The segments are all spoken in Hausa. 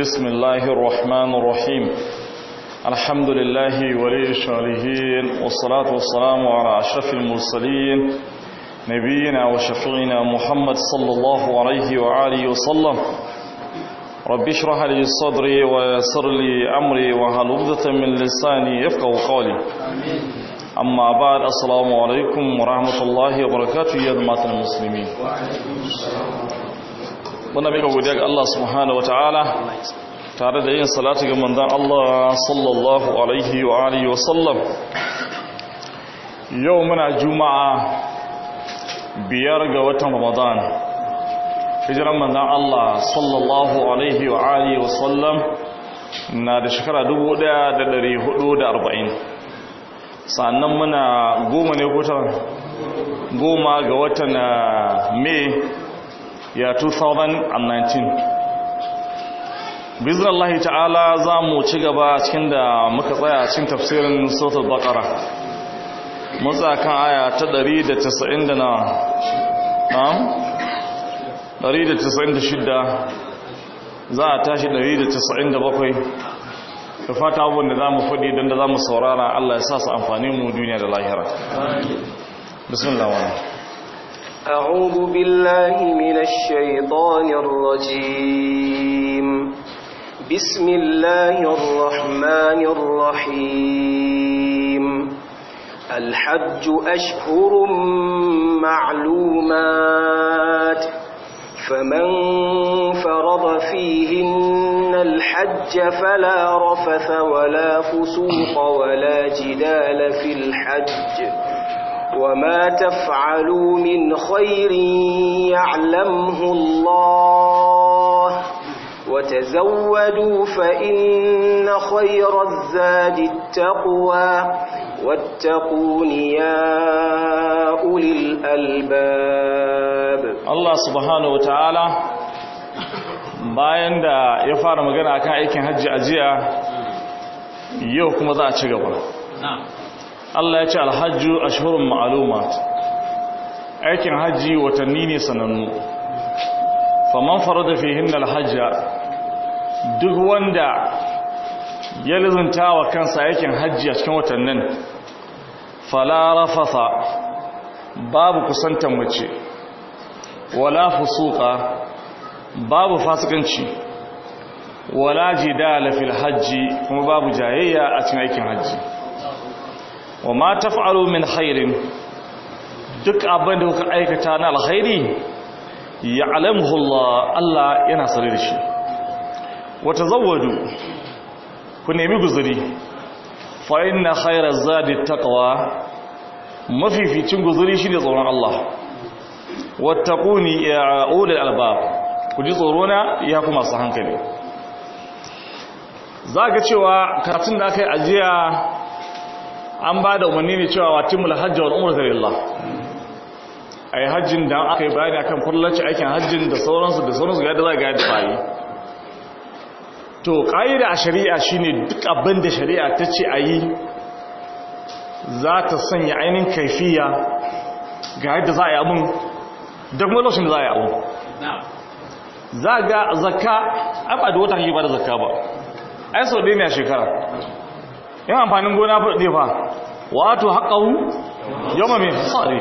بسم الله الرحمن الرحيم الحمد لله ولي الشالحين والصلاة والسلام على أشرف المرسلين نبينا وشفيعنا محمد صلى الله عليه وآله وسلم رب اشرح لي صدري ويسر لي أمري وهل عقدة من لساني يفقه قولي أما بعد السلام عليكم ورحمة الله وبركاته يا جماعة المسلمين وعليكم السلام muna mika godiya ga Allah subhanahu ta'ala tare da yin salati ga manzon Allah sallallahu alaihi wa alihi wa sallam yau muna juma'a biyar ga watan Ramadan hijiran manzon Allah sallallahu alaihi wa alihi wa sallam na da shekara 1440 sannan muna goma ne goma ga watan eh, mai ya 2019 bizrallahi ta'ala za mu ci gaba cikin da muka tsaya cikin tafsirin sotar bakara matsa kan aya ta 196 za a tashi 197 da fata abubuwan da za mu faɗi don da za mu saurara allah ya sa su amfani mu duniya da lahira bismillah wani أعوذ بالله من الشيطان الرجيم بسم الله الرحمن الرحيم الحج أشهر معلومات فمن فرض فيهن الحج فلا رفث ولا فسوق ولا جدال في الحج وما تفعلوا من خير يعلمه الله وتزودوا فإن خير الزاد التقوى واتقون يا أولي الألباب الله سبحانه وتعالى bayan da ya fara magana akan aikin hajji a yau kuma za a ci gaba Allah ya ce alhajju ashhurun ma'lumat aikin hajji watanni ne sanannu faman da fihin alhajja duk wanda ya lizunta wa kansa aikin hajji a cikin watannin fala babu kusantan mace wala fusuka. babu fasikanci wala jidala fil hajji kuma babu jayayya a cikin aikin hajji wa ma taf'alu min khairin duk abinda kuka aikata na alkhairi ya'lamuhu Allah Allah yana sare da shi wa tazawwadu ku nemi guzuri fa inna khayra zadi taqwa mafificin guzuri shine tsoron Allah wattaquni ya ulul albab ku ji tsoro na ya kuma su hankali zaka cewa karatun da aka yi ajiya an ba da umarni ne cewa wa timul hajji wal Allah. A yi hajjin da aka yi bayani akan farlaci aikin hajjin da sauransu da sauransu ga yadda za ga da bayi to ƙa'ida a shari'a shine duk abin da shari'a ta ce a yi za ta sanya ainihin kaifiya ga yadda za a yi abin da kuma da za a yi abin za ga zaka ba da wata hanyar ba da zaka ba ai sau ɗaya ne a shekara in amfanin gona zai ba wato haƙau yamma mai tsari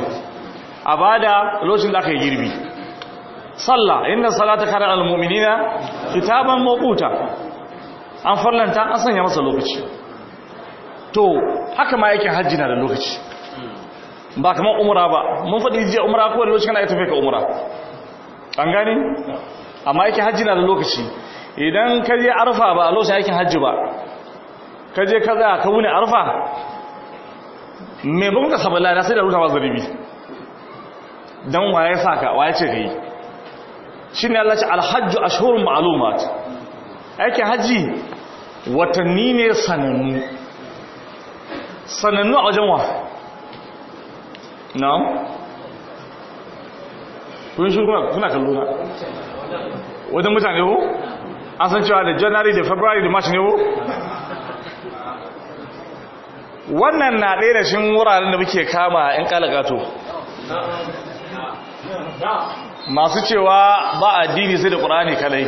a ba da lokacin da aka yi girbi sallah inda salata kare al na fitaban mawquta an farlanta an sanya masa lokaci to haka ma yake hajji na da lokaci ba kamar umura ba mun faɗi jiya umra ko da lokacin ya tafi ka umura an gani amma yake hajji na da lokaci idan ka je arfa ba a lokacin aikin hajji ba ka je ka za ka wuni arfa mai bukata saman na sai da ruka ba zaribi don waye saka waye ce ka yi shi ne allaci alhajju a shahurin ma'alumat aikin hajji watanni ne sanannu sanannu a wajen wa na kun shi kuna kallona wajen mutane ko an san cewa da january da february da march ne ko wannan na ɗaya da shi wuraren da muke kama in kalagato masu cewa ba addini sai da ƙurani kalai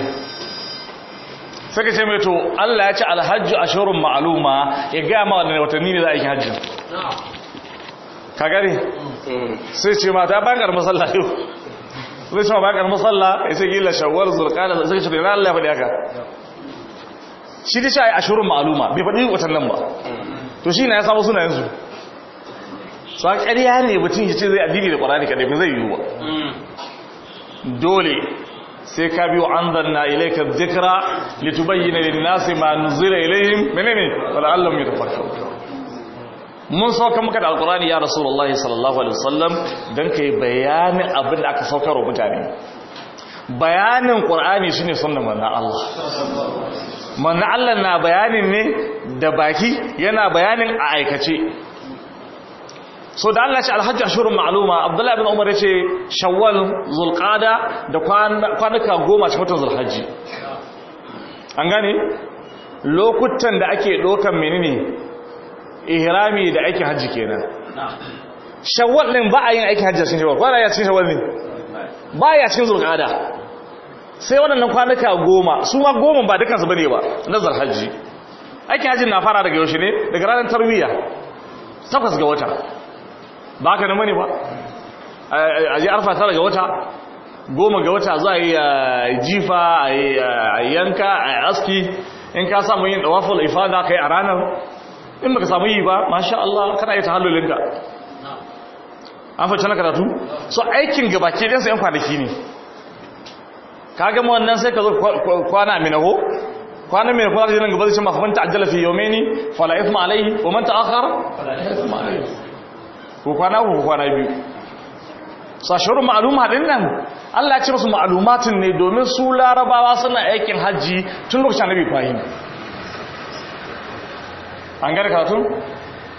suka ce mai to Allah ya ce alhajju a shirin ma'aluma ya gaya ma wadannan watanni ne za a yi hajji ka gari sai ce mata bangar matsala yau zai ce ma bangar matsala ya ce gila shawar zurkana sai ce na Allah ya faɗi haka shi ta ce a shirin ma'aluma bai faɗi watannan ba to shi na ya samu suna yanzu sa ƙarya ne mutum ya ce zai addini da ƙwararri kaɗai ba zai yiwuwa dole sai ka biyo an zanna ilaika zikra litubayyana lin-nasi ma nuzila ilaihim menene wala allam yatafakkaru mun sauka maka da alkurani ya rasu rasulullahi sallallahu alaihi wasallam don ka yi bayanin abin da aka saukar wa mutane bayanin ƙur'ani shine sunnan manzon Allah manna Allah na bayanin ne da baki yana bayanin a aikace so da Allah shi ce alhajji ashurun ma'luma Abdullah ibn Umar ya ce Shawwal Zulqa'da da kwanuka goma cikin watan zulhaji an gane lokutan da ake dokan menene ihrami da ake hajji kenan Shawwal ne ba a yin aikin hajji cikin Shawwal kwana ya cikin Shawwal ne ba ya cikin Zulqa'da sai waɗannan kwanaka goma su ma goma ba dukansu bane ba nazar hajji Aikin hajjin na fara daga yaushe ne daga ranar tarbiyya takwas ga wata ba haka namani ba eh, a ji arfa tara ga wata goma ga wata za a yi eh, jifa a eh, yanka a aski in ka samu yin dawaful ifada kai a ranar in baka samu yi ba masha Allah kana yi tahallulinka an fashe na karatu so aikin gabaki ɗansa 'yan kwanaki ne ka gama wannan sai ka zo kwana mina ho kwana mina kwana nan gaba zai masu manta ajala fi yomeni fala isma alaihi wa manta akhar ko kwana ko kwana biyu sashirun ma'aluma din nan Allah ya ce musu ma'alumatin ne domin su larabawa suna aikin hajji tun lokacin annabi Ibrahim an gane karatu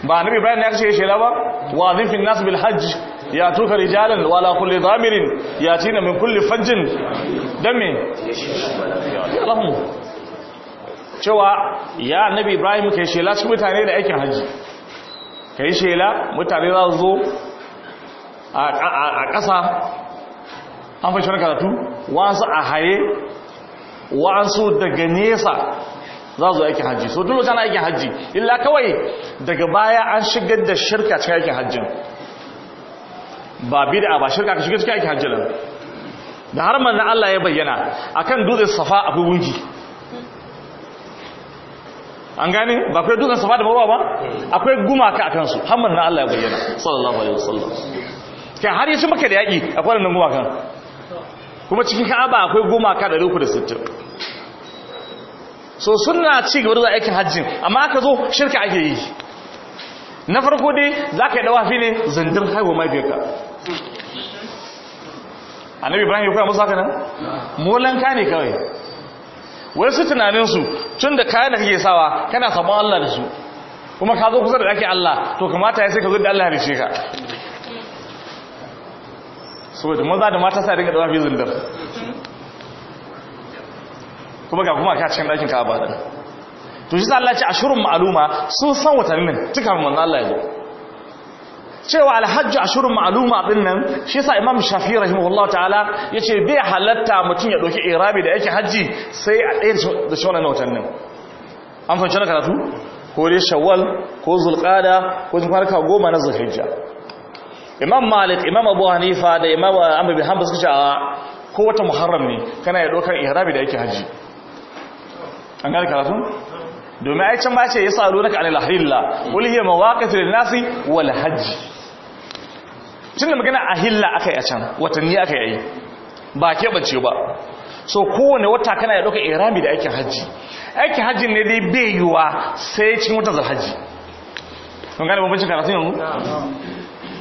ba annabi bayan ne ya kashe shela ba wa azin fi nas bil hajj ya tuka rijalan wala kulli zamirin ya cina min kulli fajjin dan me Allahumma cewa ya nabi Ibrahim kai shela su mutane da aikin haji kai shela mutane za su zo a ƙasa an fashe karatu wasu a haye wasu daga nesa za zo aikin hajji so duk lokacin aikin hajji illa kawai daga baya an shigar da shirka cikin aikin hajjin ba bid'a ba shirka ka shiga cikin aikin hajji nan da har manzon Allah ya bayyana akan dutsen safa abu gungi an gane ba kai dutsen safa da marwa ba akwai gumaka akan su har manzon Allah ya bayyana sallallahu alaihi wasallam kai har yashi maka da yaki akwai nan gumakan kuma cikin Ka'aba akwai gumaka da sittin so suna ci gaba da aikin hajjin amma aka zo shirka ake yi na farko dai za ka yi dawafi ne zandar haihuwa mahaifiyarka annabi ibrahim ya koya musu haka nan molanka ne kawai wai su tunaninsu tun da kayan da kake sawa kana sabon allah da su kuma ka zo kusa da ake allah to kamata ya sai ka zo da allah halice ka saboda maza da mata sa dinga da wafi zindar kuma ga kuma ka cikin ɗakin ka ba to shi sa allah ce shirin ma'aluma sun san watannin cikin manzan allah ya zo cewa alhajji ashurun ma'aluma din nan shi sa imam shafi rahimahullahu ta'ala ce bai halatta mutum ya doki irabi da yake hajji sai a ɗaya da shi wannan watannin an fahimci na karatu ko dai shawwal ko zulqada ko farka goma na zulhijja imam malik imam abu hanifa da imam amr bin hanbal suka ce ko wata muharram ne kana ya dokar ihrami da yake hajji. an gane karatu domin yi can ba ce ya sa'alu naka anil ahilla yi hiya mawaqitu lin nasi wal hajj tunda magana ahilla yi a can watanni aka yi ba ke bace ba so kowane wata kana ya ɗauka irami da aikin hajji aikin hajji ne dai bai sai cikin wata Hajji. kun gane bambancin karatu yanzu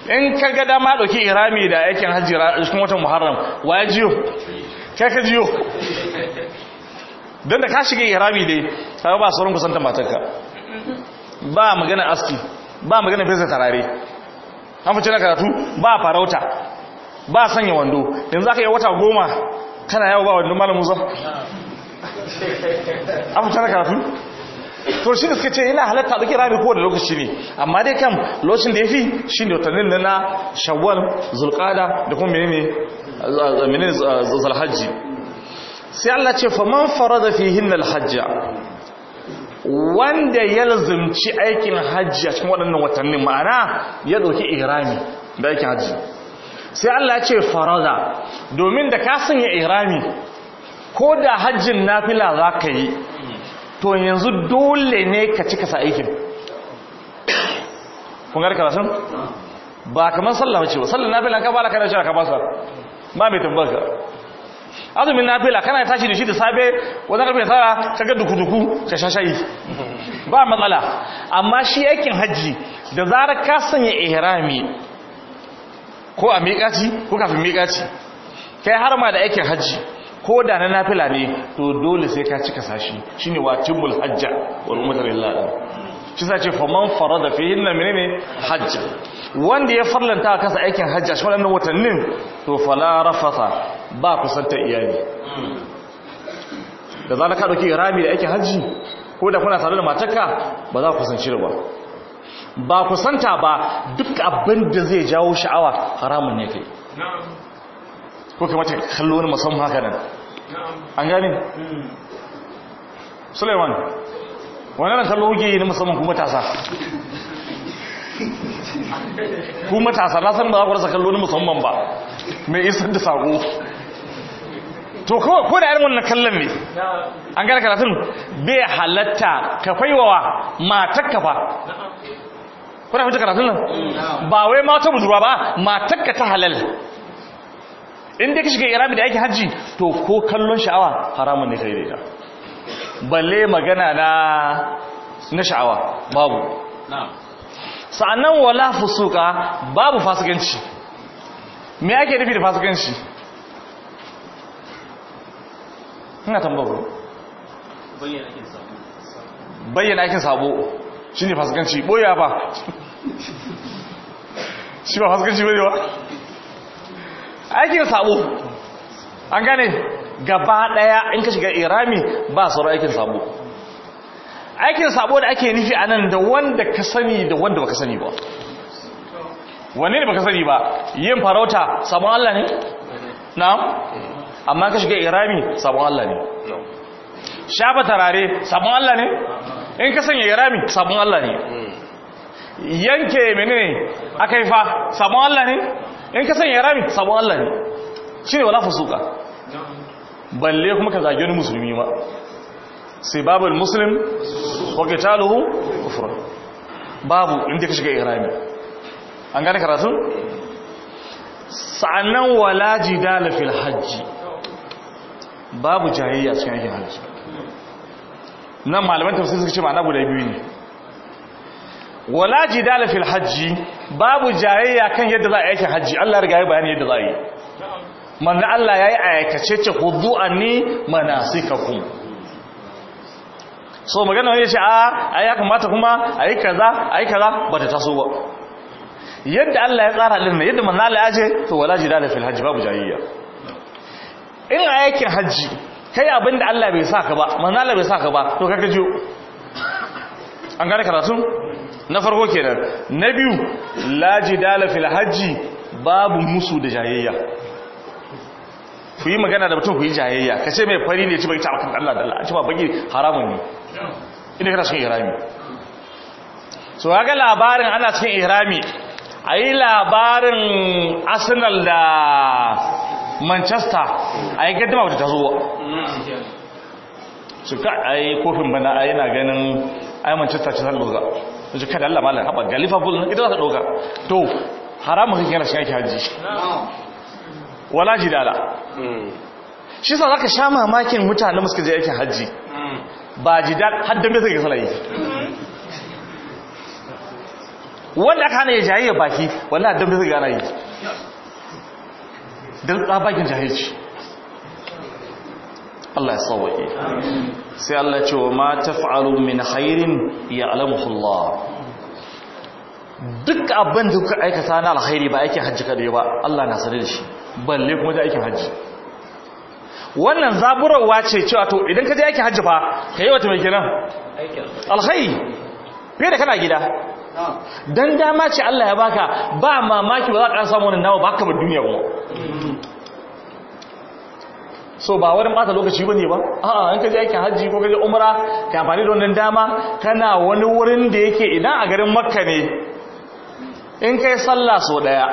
in ka ga dama ɗauki irami da aikin hajji cikin watan muharram wa ya jiyo kai ka jiyo don da ka shiga irami dai kaga ba sauran kusantar matarka ba magana aski ba magana fesa tarare an fi na karatu ba farauta ba sanya wando yanzu za ka yi wata goma kana yawo ba wando malam zo an fi na karatu to shi da suka ce yana halatta da kirami ko da lokaci ne amma dai kam lokacin da ya fi shi ne watannin da na shawwal zulkada da kuma menene menene zalhajji sai Allah ce faman farada fihin alhajja wanda ya lazumci aikin hajji a cikin waɗannan watanni, ma'ana ya ɗauki irami da aikin hajji sai Allah ce farada domin da ka sanya irami ko da hajjin nafila za ka yi to yanzu dole ne ka cika sa aikin kun gari karasun ba kamar sallah ce ba sallah nafila ka ba la kana shi ka ba sa ma mai tambarka azumin na nafila kana tashi da shi da safe wajen karfe tsara ka ga duku-duku ka shashayi ba matsala amma shi aikin hajji da zarar ka sanya ihrami ko a miƙaci ko kafin miƙaci kai harma da aikin hajji ko da na nafila ne to dole sai ka cika sashi shine wajibul hajja wal umrata shi sa ce faman da fi hinna menene hajji wanda ya farlanta kasa aikin hajji a shi waɗannan watannin to fala fasa ba kusanta iyali da za ka ɗauki rami da aikin hajji ko da kuna tare da matarka ba za ku kusanci ba ba kusanta ba duk abin da zai jawo sha'awa haramun ne kai ko kuma ta kallo wani musamman haka nan an gane hmm. suleiman wannan kallo kuke yi na musamman kuma tasa ku matasa na san ba za ku rasa kallo na musamman ba mai isar da sako to ko da irin wannan kallon ne an gara karatun bai halatta ka faiwawa matar ka fa kuna fita karatun nan mm. ba wai mata budurwa ba matar ka ta halal Inda ka shiga irabi da yake hajji to ko kallon sha'awa haramun ne kai da balle magana na na sha'awa babu sa'annan wala fusuka babu fasikanci me ake nufi da fasikanci ina tambayo bayyana aikin sabo shi ne fasikanci boya ba shi ba fasikanci ne ba aikin sabo an gane gaba daya in ka shiga irami ba sauran aikin sabo aikin sabo da ake nufi a nan da wanda ka sani da wanda baka sani ba wanne ne baka sani ba yin farauta sabon Allah ne na'am amma ka shiga irami sabon Allah ne shafa tarare sabon Allah ne in ka sanya irami sabon Allah ne yanke menene akai fa sabon Allah ne in ka sanya irami sabon Allah ne shine wala fusuka balle kuma ka zage wani musulmi ma sai babul muslim wa talo kufra babu inda ka shiga irami an gane karatu sa'annan wala jidala fil hajji babu jayayya cikin aikin hajji nan malaman tafsir suka ce ma'ana guda biyu ne wala jidala fil hajji babu jayayya kan yadda za a aikin hajji Allah ya riga ya bayani yadda za a yi manzo Allah yayi ayatace ce khudhu anni manasikakum so magana wani ya ce a ah, ai ya kamata kuma ayi kaza ai kaza bata taso ba yadda Allah ya tsara din yadda manzo Allah ya ce to wala jidala fil hajj babu jayayya. in a yakin hajji kai abinda Allah bai saka ba manzo Allah bai saka ba to kaga jiyo an gane karatu na farko kenan na biyu la jidala fil hajji babu musu da jayayya. ku yi magana da mutum ku yi jayayya ka ce mai fari ne ci bai ta akan Allah dalla a ci ba bagi haramun ne inda kana cikin ihrami so ga labarin ana cikin ihrami ayi labarin Arsenal da Manchester ayi gaddama ta zo su ka ayi kofin bana ai na ganin ai Manchester ce da su da Allah malam haba ga Liverpool ita za ta doka to haramun kake na shi haji wala jidala shi sa zaka sha mamakin mutanen suka je aikin hajji ba jidal haddan da suka salayi wanda aka hana ya jayayyar baki wala haddan da suka gana yi don tsabakin jahilci Allah ya sauwaƙe sai Allah ce wa ma taf'alu min khairin ya Allah duk abin da kuka aikata na alkhairi ba aikin hajji kadai ba Allah na sare da shi balle kuma da aikin hajji wannan zaburarwa ce cewa to idan ka je aikin hajji fa ka yi wata mai kenan alkhairi fiye da kana gida dan dama ce Allah ya baka ba mamaki ba za ka samu wannan nawa ka ba duniya ba. so ba wani bata lokaci bane ba a'a an kaje aikin hajji ko je umara ka amfani da wannan dama kana wani wurin da yake idan a garin makka ne in kai sallah so daya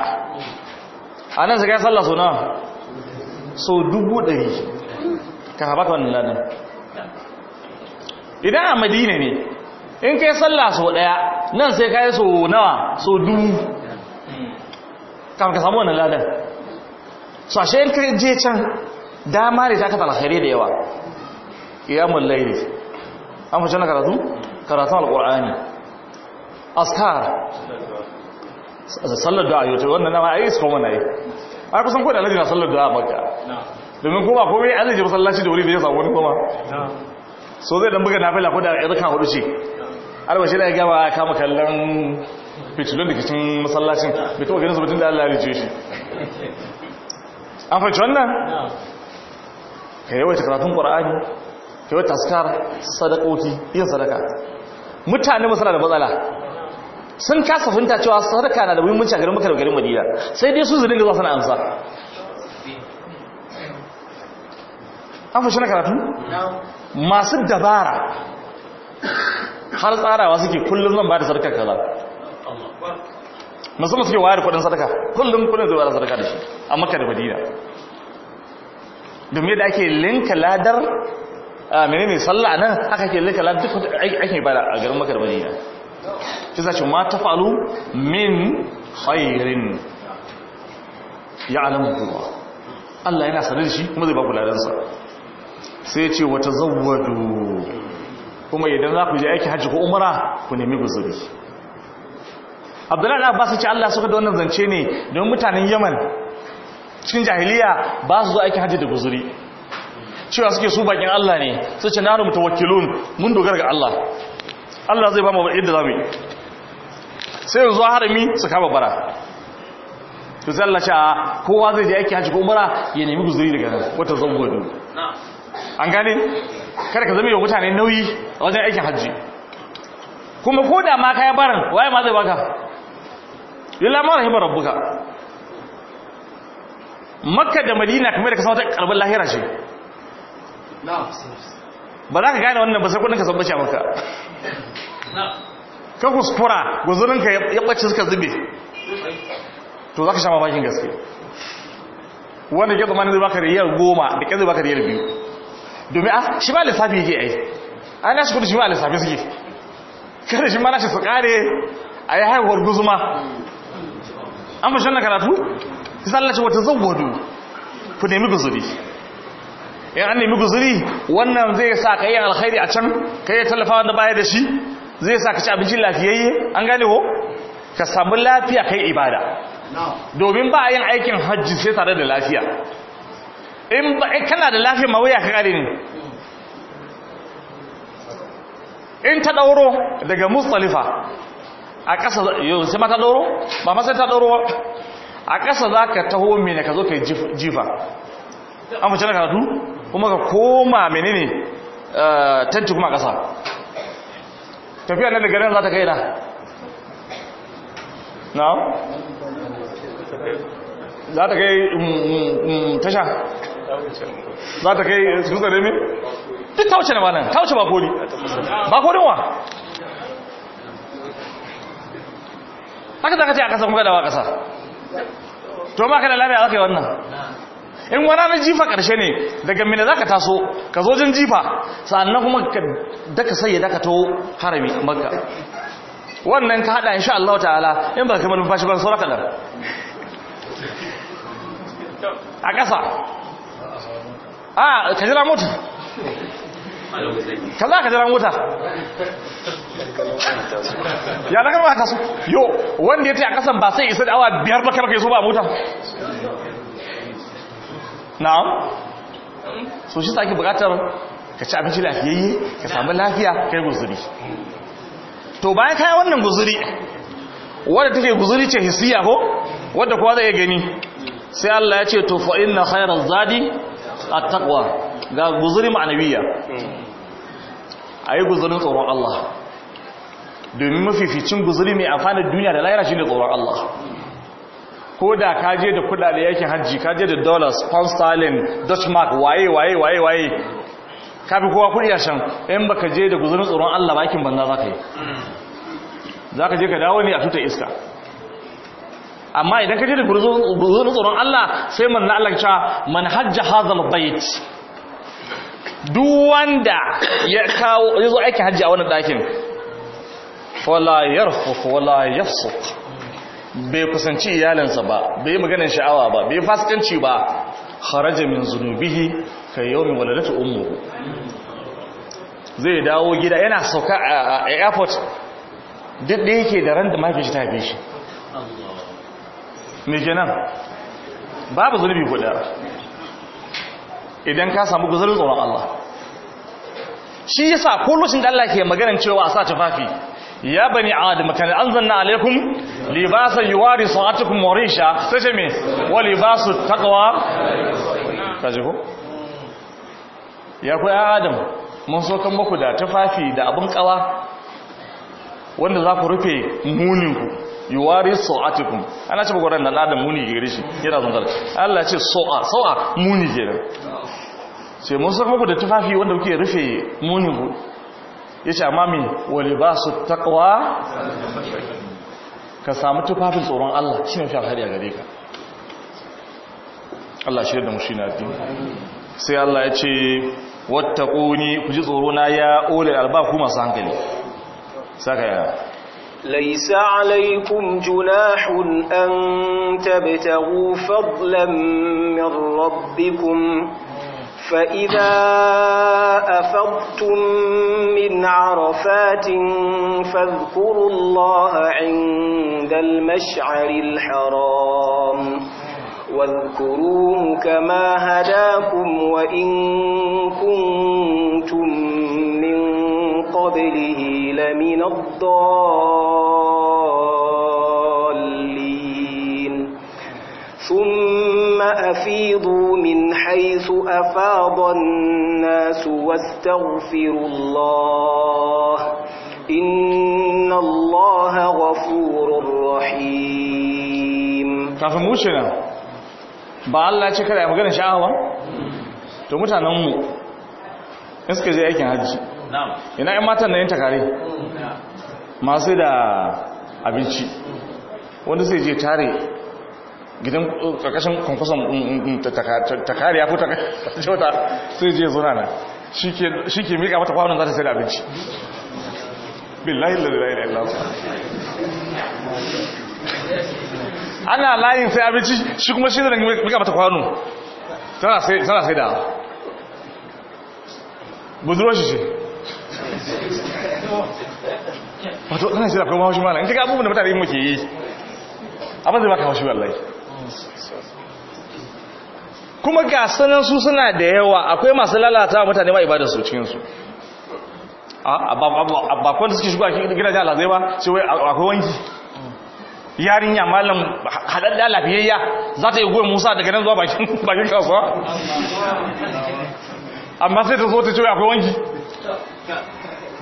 a nan sai kai sallah so nawa so dubu ɗari ka haɓaka wani ladan idan a madina ne in kai sallah so daya nan sai kai so nawa so dubu ka samu wani ladan so ashe in kai je can dama ne ta katar alkhari da yawa qiyamul ne. an fashe na karatu karatun alqur'ani askar sallar da ayyuta wannan nama ayi su kuma nayi ai kusan ko da alaji na sallar da maka domin kuma komai alaji masallaci da wuri da ya samu wani kuma so zai dan buga nafila ko da irka hudu ce arba da ya gaba kama kallon fitilun da kicin masallacin bai kuma ganin sabbatin da Allah ya shi an fahimci wannan ka yawaita karatun ƙwar'ani ka yawaita taskar sadakoki yin sadaka mutane masana da matsala sun kasa fahimta cewa sadaka na da muhimmanci a garin makar garin madina sai dai su zurin da zuwa na amsa an fashe na karatu masu dabara har tsarawa suke kullum zan ba da sadaka kaza masu suke wayar kudin sadaka kullum kudin zai wayar sadaka da shi a makar da madina domin da ake linka ladar a menene sallah nan Aka ke linka ladar duk aikin ibada a garin makar madina shi zace ma ta falu min khairin ya alamu. kuma Allah yana sanar shi kuma zai ba kuladansa sai ce wata zawwadu kuma idan za ku je aiki hajji ko umara ku nemi guzuri abdullahi abbas ya ce Allah suka da wannan zance ne don mutanen yaman cikin jahiliya ba su zo aiki hajji da guzuri cewa suke su bakin Allah ne sai ce na mu wakilun mun dogara ga Allah Allah zai ba mu yadda za mu yi sai yanzu harami su kama bara to sai Allah sha kowa zai je yake haji ko umara ya nemi guzuri daga nan wata zango da an gane kada ka zama yau mutane nauyi a wajen aikin haji kuma ko da ma kayan barin waye ma zai baka lilla ma rahimar rabbuka makka da madina kamar da kasance karbar lahira ce ba za ka gane wannan ba sai kudin ka sabbace maka ka kuskura guzurinka ya ɓace suka zube to za ka sha mamakin gaske wanda ke tsammanin zai baka riyar goma da ke zai baka riyar biyu domin a shi ma lissafi yake ai an yashi kudu shi ma lissafi suke kada shi ma shi su kare a yi haihuwar guzuma an fashe na karatu ta ce wata zawwadu ku nemi guzuri in an nemi guzuri wannan zai sa ka yi alkhairi a can ka yi tallafa wanda baya da shi zai sa ka ci abincin lafiyayye an gane ko ka samu lafiya kai ibada domin ba a yin aikin hajji sai tare da lafiya in kana da lafiya ma waya ka kare ne in ta dauro daga mustalifa a ƙasa yau sai ma ta dauro ba ma sai ta dauro a ƙasa za ka taho mene ka zo ka jifa an fice na karatu kuma ka koma menene eh, tanti kuma ƙasa tafiya na daga za ta kai na na za ta kai mm, mm, mm, tasha za ta kai tsutsa da me duk ta na manan ta ba kori ba korin wa haka za ka ce a ƙasa kuma gadawa ƙasa to ma ka da lafiya za ka yi wannan in wani ranar jifa ƙarshe ne daga mina za ka taso ka zo jin jifa sa'annan kuma daka sayi ya daka to harami makka wannan ka haɗa insha Allah ta'ala in ba ka bashi ba ban saura da. a ƙasa a ka jira mota ka za ka jira mutu ya na karɓa ka taso Yau wanda ya ta yi a ƙasan ba sai isa da awa biyar ba karfe so ba mota na'am so shi sake bukatar ka ci abinci lafiyayye ka samu lafiya kai guzuri to bayan kayan wannan guzuri wadda take guzuri ce hisiya ko wadda kowa zai gani sai Allah ya ce to fa inna khairaz zadi at-taqwa ga guzuri ma'anawiya ayi guzurin tsoron Allah domin mafificin guzuri mai amfani duniya da lahira shine tsoron Allah ko da ka je da kudade yakin hajji ka je da dollars pound sterling dutch mark waye waye waye waye ka fi kowa kudi a shan in baka je da guzurin tsoron Allah bakin banza za ka yi za ka je ka dawo ne a tuta iska amma idan ka je da guzurin tsoron Allah sai manna Allah ya ce man hajja hazal bait duk wanda ya kawo ya zo aikin hajji a wannan dakin wala yarfuq wala yafsuq bai kusanci iyalinsa ba bai yi maganin sha'awa ba bai fasikanci ba haraja min zunubihi kai yawmi waladatu umu zai dawo gida yana sauka a airport duk da yake da ran da mafi ta haife shi me kenan babu zunubi guda idan ka samu guzarin tsoron Allah shi yasa ko shi da Allah ke maganar cewa a sa tufafi ya bani adam kan anzalna alaikum libasa yuwari sa'atukum wa sai ce me wa libasu taqwa kaje ko ya ku adam mun so kan muku da tufafi da abun kawa wanda za ku rufe munin ku yuwari sa'atukum ana ce bugoran na adam muni gari shi yana zungar Allah ce so'a so'a muni kenan ce mun so muku da tufafi wanda kuke rufe munin ku yace amma me walibasu taqwa ka samu tufafin tsoron Allah shine ne fi alhari a gare ka Allah shi da mushi na din sai Allah ya ce wattaquni ku ji tsoro na ya ole alba ku masu hankali saka ya ليس عليكم جناح أن تبتغوا فضلا من ربكم فإذا أفضتم من عرفات فاذكروا الله عند المشعر الحرام واذكروه كما هداكم وإن كنتم من قبله لمن الضالين ثم أفيضوا من حيث أفاض الناس واستغفروا الله إن الله غفور رحيم kafin mushina ba Allah ce kada ya magana sha'awa to mutanen in suka je aikin hajji ina ƴan matan na yin takare masu da abinci wanda zai je tare gidan eh, karkashin kwankwason takari ko fita jota sai je zuna na shi ke mika mata kwanon za ta sai da abinci billahi lalilai ana layin sai abinci shi kuma shi zai mika mata kwano tana sai da budurwa shi ce wato tana sai da kuma haushi mana in ka abubuwan da mutane yi muke yi abin zai baka haushi wallahi kuma ga sanan su suna da yawa akwai masu lalata mutane ba ibadar su cikin su ba kwanta suke shigo a gidajen alazai ba sai wai akwai wanki yarinya malam haɗaɗɗa lafiyayya za ta yi goyon musa daga nan zuwa bakin kasuwa amma sai ta zo ta wai akwai wanki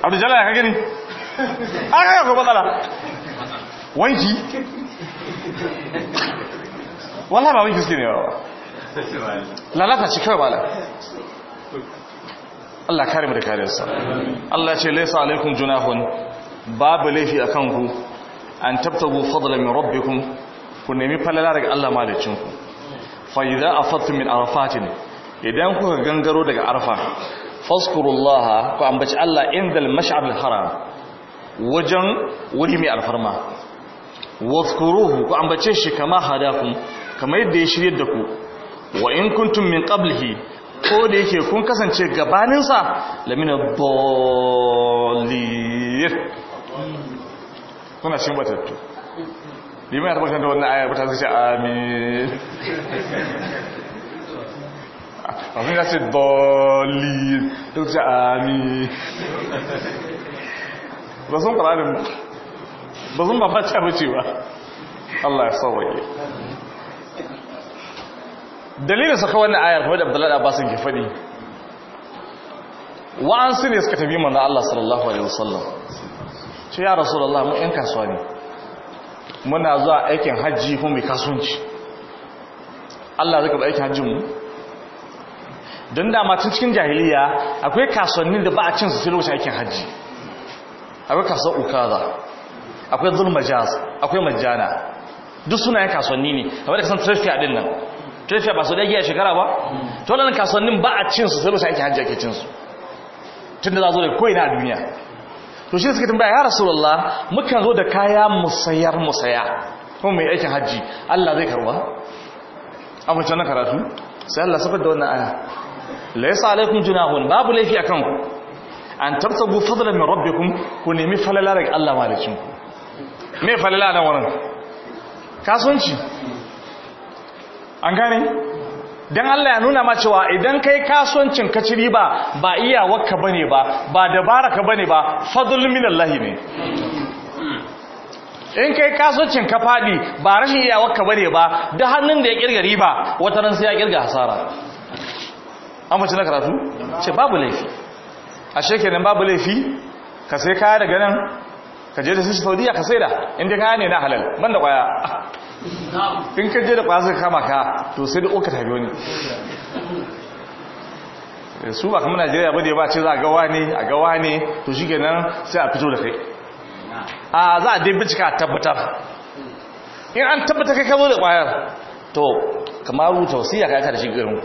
abdujala ya kagini aka yi akwai matsala wanki wala ba wanki suke ne ba lalata ce kawai malam Allah kare da kariyarsa Allah ce laisa alaikum junahun babu laifi a kanku an tabtagu fadlan min rabbikum ku nemi falala daga Allah malicin ku fa idza afattum min arafatin idan kuka gangaro daga arfa fazkurullaha ku ambaci Allah indal mash'ar haram wajen wuri mai alfarma wazkuruhu ku ambace shi kama hadakum kamar yadda ya shiryar da ku wa in kuntum min qablihi ko da yake kun kasance gabanin sa lamina bollir kuna shi batattu liman ya tabbatar da wannan ayar ba ta zai amin. amin ya ce dallir ta ce amin ba sun ƙararin ba sun ba ba ce ba Allah ya sauwaye dalilin saka wannan ayar kuma da abdullahi abbasin ke faɗi wa'ansu ne suka tabi mana Allah sallallahu alaihi wasallam ce ya rasulullah mu ɗan kasuwa ne muna zuwa aikin hajji ko mai kasuwanci Allah zai karɓi aikin hajjin mu don dama tun cikin jahiliya akwai kasuwannin da ba a cin su sai lokacin aikin hajji akwai kasuwar ukaza akwai zulmajaz akwai majjana duk sunayen kasuwanni ne kamar da kasan turfiya din nan to yace ba su dai a shekara ba to nan kasuwannin ba a cin su sai musu aiki hajji ake cin su tunda za zo da koyi na duniya to shi suka tambaya ya rasulullah mukan zo da kaya musayar musaya kuma mai aikin hajji Allah zai karwa amma can na karatu sai Allah sabar da wannan aya laysa alaikum junahun babu laifi akan ku an tabtagu fadlan min rabbikum ku nemi falala daga Allah malikin ku me falala nan wannan kasuwanci an gane don Allah ya nuna macewa idan kai kasuwancin ka ci riba ba iyawarka bane ba ba ka bane ba fadlun minallahi ne in kai kasuwancin ka fadi ba rashin iyawarka bane ba da hannun da ya kirga riba wata ran sai ya kirga hasara an mace na karatu ce babu laifi a shekenan babu laifi ka sai kaya daga nan ka je da su saudiya ka sai da inda kaya ne na halal Man da kwaya in ka je da ƙwaya suka kama ka to sai da oka tafi wani su ba kama najeriya ba da ba ce za a gawa ne a gawa ne to shi kenan sai a fito da kai a za a dai bincika a tabbatar in an tabbatar kai ka da kwayar to kamaru tausiya ka yaka da shi garin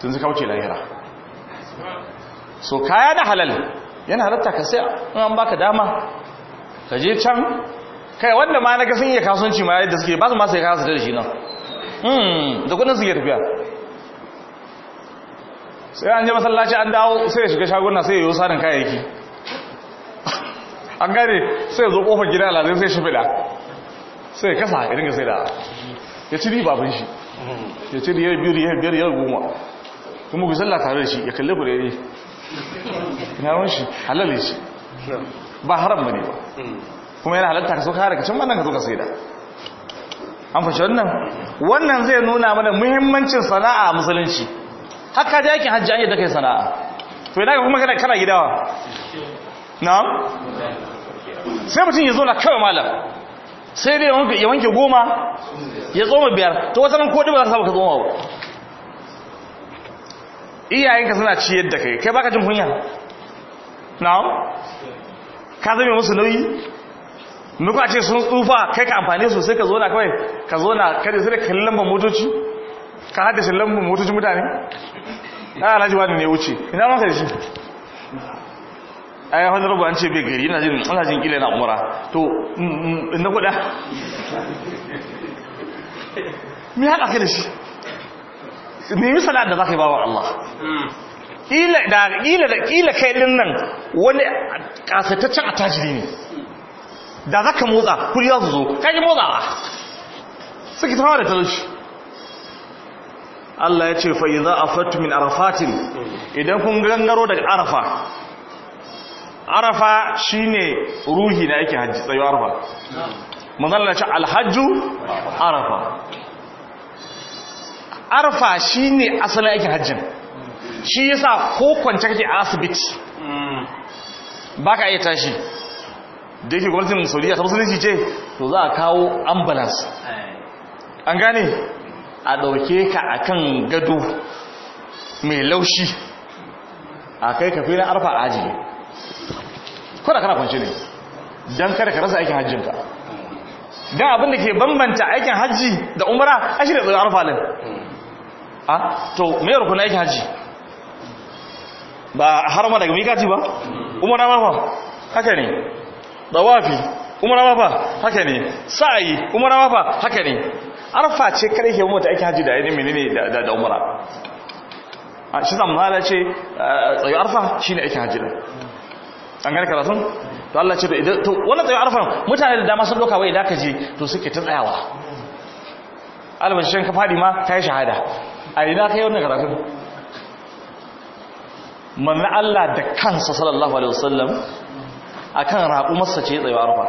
tun suka wuce lahira so kaya na halal yana halatta ka sai an baka dama ka je can kai wanda ma na ga sun iya kasuwanci ma yadda suke ba su ma sai kasa da shi nan hmm, da kudin suke tafiya sai an je masallaci an dawo sai ya shiga shaguna sai ya yi wasanin kayayyaki an gane sai ya zo kofar gida lazai sai da sai ya kasa ya dinga sai da ya ci riba bin shi ya ci riyar biyu riyar biyar riyar goma kuma ku sallah tare da shi ya kalli burere ya yi ba haram ba ne ba kuma yana halatta ka so kare ka can nan ka zo ka saida an fashe wannan wannan zai nuna mana muhimmancin sana'a a musulunci haka da yakin hajji an yadda kai sana'a to yana kuma kana kana gidawa na sai mutum ya zo na kawai malam sai dai ya wanke goma ya tsoma biyar to wata nan kodi ba za ka saba ka tsoma ba iyayenka suna ciyar da kai kai baka jin kunya na ka zame musu nauyi nuka ce sun tsufa kai ka amfani su sai ka zo na kawai ka zo na kada sai da kalli lambar motoci ka hada shi lambar motoci mutane na alhaji wani ne wuce ina ranka da shi ai wani rabu an ce bai gari ina jin ina kila na umara to mm, mm, na kuɗa me haka kai da shi nemi sana'ar da za ka yi bawa Allah ƙila da ƙila kai din nan wani ƙasataccen attajiri ne da za ka motsa kuri za su zo motsa. motsawa suke tawa da talauci Allah ya ce fa'i za a fattu min arafatin idan kun gangaro daga arafa arafa shi ne ruhi na yake hajji tsayo arafa mazalla ce alhajju arafa arafa shi ne asali yake hajjin shi yasa ko kwanci kake a asibiti ba ka iya tashi da yake gwamnatin saudiya ta musulunci ce to za a kawo ambulance an gane a ɗauke ka a kan gado mai laushi a kai ka na arfa a ajiye kuna kana kwanci ne don kada ka rasa aikin hajjinka don abin da ke bambanta aikin hajji da umara a shi da tsoron arfa ne a to mai rukun aikin hajji ba harama daga mikati ba umara marfa haka ne dawafi umara ba haka ne sa'i umara ba haka ne arfa ce kare ke mota ake haji da ainihin menene da da umara shi zan mala ce tsayo arfa shine ake haji da an gane karatun to Allah ce to to wannan tsayo arfa mutane da dama sun doka wai da kaje to suke ta tsayawa albashin ka fadi ma kai shahada a ina kai wannan karatun manna Allah da kansa sallallahu alaihi wasallam akan raƙumarsa ce tsaye arfa